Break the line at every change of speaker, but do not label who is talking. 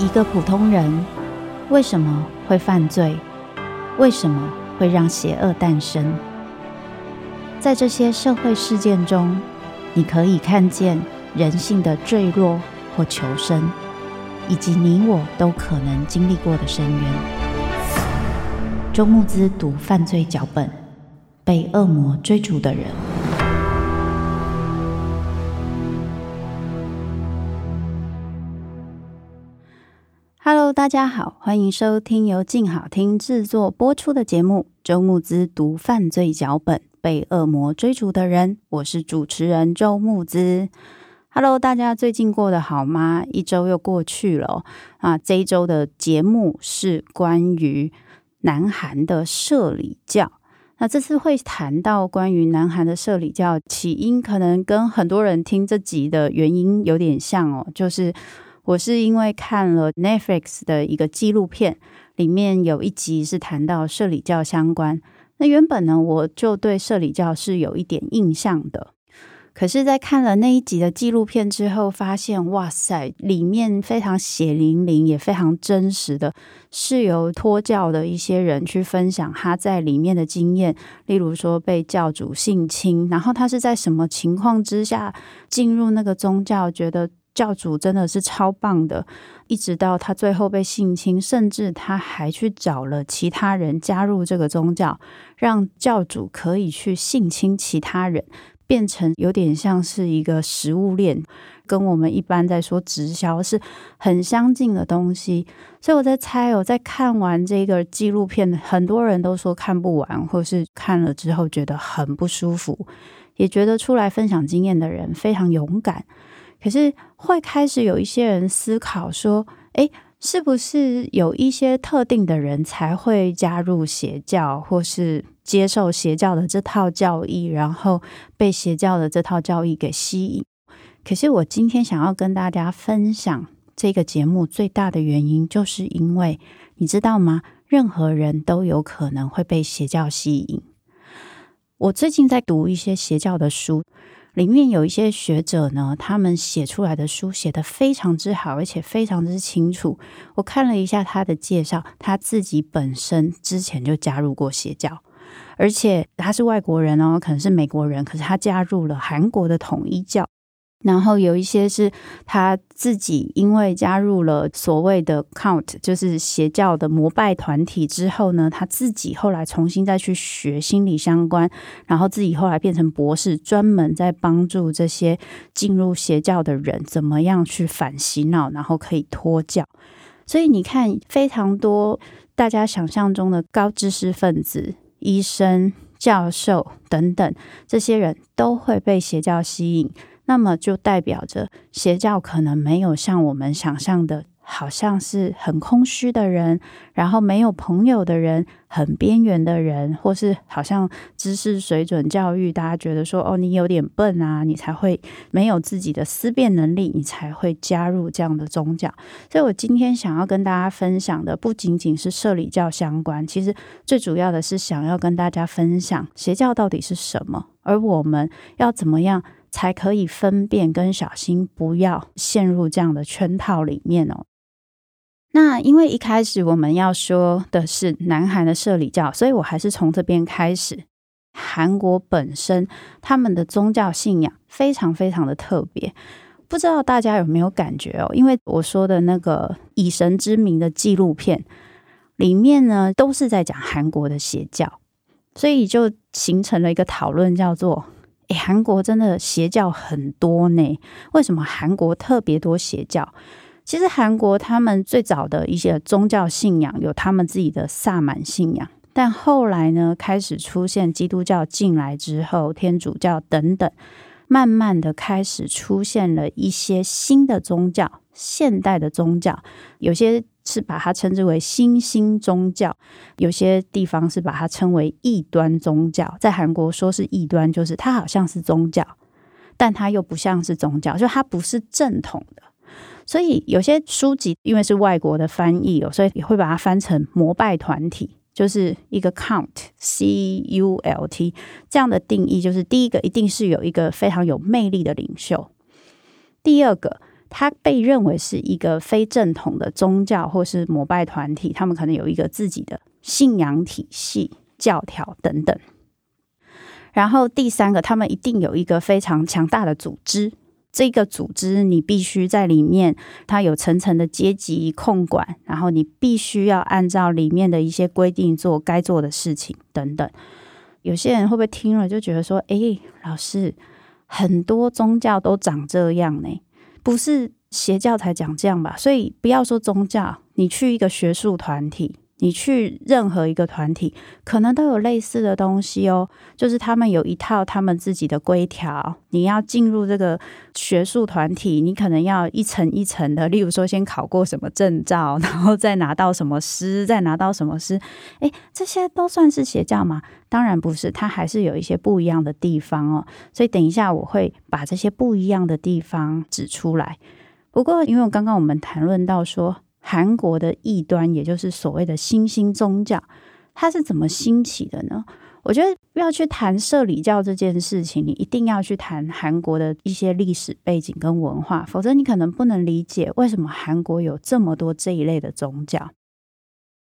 一個普通人為什麼會犯罪？為什麼會讓邪惡誕生？在這些社會事件中，你可以看見人性的墜落或求生，以及你我都可能經歷過的深淵。周慕姿讀犯罪腳本，被惡魔追逐的人。Hello, 大家好，歡迎收聽由靜好聽制作播出的節目《周慕姿讀犯罪腳本：被惡魔追逐的人》，我是主持人周慕姿。Hello，大家最近過得好嗎？一周又過去了啊！這一周的節目是關於南韓的攝理教。那這次會談到關於南韓的攝理教，起因可能跟很多人聽這集的原因有點像哦，就是。我是因為看了 Netflix 的一個紀錄片，裡面有一集是談到攝理教相關。那原本呢，我就對攝理教是有一點印象的。可是，在看了那一集的紀錄片之後，發現哇塞，裡面非常血淋淋，也非常真實的是由脫教的一些人去分享他在裡面的經驗，例如說被教主性侵，然後他是在什麼情況之下進入那個宗教，覺得。教主真的是超棒的，一直到他最後被性侵，甚至他還去找了其他人加入這個宗教，讓教主可以去性侵其他人，變成有點像是一個食物鏈，跟我們一般在說直銷是很相近的東西。所以我在猜，我在看完這個紀錄片，很多人都說看不完，或是看了之後覺得很不舒服，也覺得出來分享經驗的人非常勇敢。可是會開始有一些人思考說，哎，是不是有一些特定的人才會加入邪教，或是接受邪教的這套教義，然後被邪教的這套教義給吸引？可是我今天想要跟大家分享這個節目最大的原因，就是因為你知道嗎？任何人都有可能會被邪教吸引。我最近在讀一些邪教的書。裡面有一些學者呢，他們寫出來的書寫得非常之好，而且非常之清楚。我看了一下他的介紹，他自己本身之前就加入過邪教，而且他是外國人哦，可能是美國人，可是他加入了韓國的統一教。然後有一些是他自己，因為加入了所謂的 cult，就是邪教的膜拜團體之後呢，他自己後來重新再去學心理相關，然後自己後來變成博士，專門在幫助這些進入邪教的人怎麼樣去反洗腦，然後可以脫教。所以你看，非常多大家想象中的高知識分子、醫生、教授等等，這些人都會被邪教吸引。那麼就代表着邪教可能沒有像我們想象的，好像是很空虛的人，然後沒有朋友的人，很邊緣的人，或是好像知識水準、教育，大家覺得說哦，你有點笨啊，你才會沒有自己的思辨能力，你才會加入這樣的宗教。所以我今天想要跟大家分享的，不僅僅是攝理教相關，其實最主要的是想要跟大家分享邪教到底是什麼，而我們要怎麼樣。才可以分辨跟小心，不要陷入這樣的圈套裡面哦。那因為一開始我們要說的是南韓的攝理教，所以我還是從這邊開始。韓國本身他們的宗教信仰非常非常的特別，不知道大家有沒有感覺哦？因為我說的那個以神之名的紀錄片裡面呢，都是在講韓國的邪教，所以就形成了一個討論，叫做。韓國真的邪教很多呢？為什麼韓國特別多邪教？其實韓國他們最早的一些宗教信仰有他們自己的薩滿信仰，但後來呢，開始出現基督教進來之後，天主教等等，慢慢的開始出現了一些新的宗教，現代的宗教，有些。是把它稱之為新興宗教，有些地方是把它稱為異端宗教。在韓國說是異端，就是它好像是宗教，但它又不像是宗教，就它不是正統的。所以有些書籍因為是外國的翻譯哦，所以也會把它翻成膜拜團體，就是一個 cult，C U L T 這樣的定義，就是第一個一定是有一個非常有魅力的領袖，第二個。他被認為是一個非正統的宗教，或是膜拜團體，他們可能有一個自己的信仰體系、教條等等。然後第三個，他們一定有一個非常強大的組織，這個組織你必須在裡面，它有層層的階級控管，然後你必須要按照裡面的一些規定做該做的事情等等。有些人會不會聽了就覺得說：“誒，老師，很多宗教都長這樣呢？”不是邪教才講這樣吧，所以不要說宗教，你去一個學術團體。你去任何一個團體，可能都有類似的東西哦。就是他們有一套他們自己的規條。你要進入這個學術團體，你可能要一層一層的。例如說，先考過什麼證照，然後再拿到什麼師，再拿到什麼師。誒，這些都算是邪教嗎？當然不是，它還是有一些不一樣的地方哦。所以等一下我會把這些不一樣的地方指出來。不過，因為我剛剛我們談論到說。韓國的異端，也就是所謂的新興宗教，它是怎麼興起的呢？我覺得要去談攝理教這件事情，你一定要去談韓國的一些歷史背景跟文化，否則你可能不能理解為什麼韓國有這麼多這一類的宗教。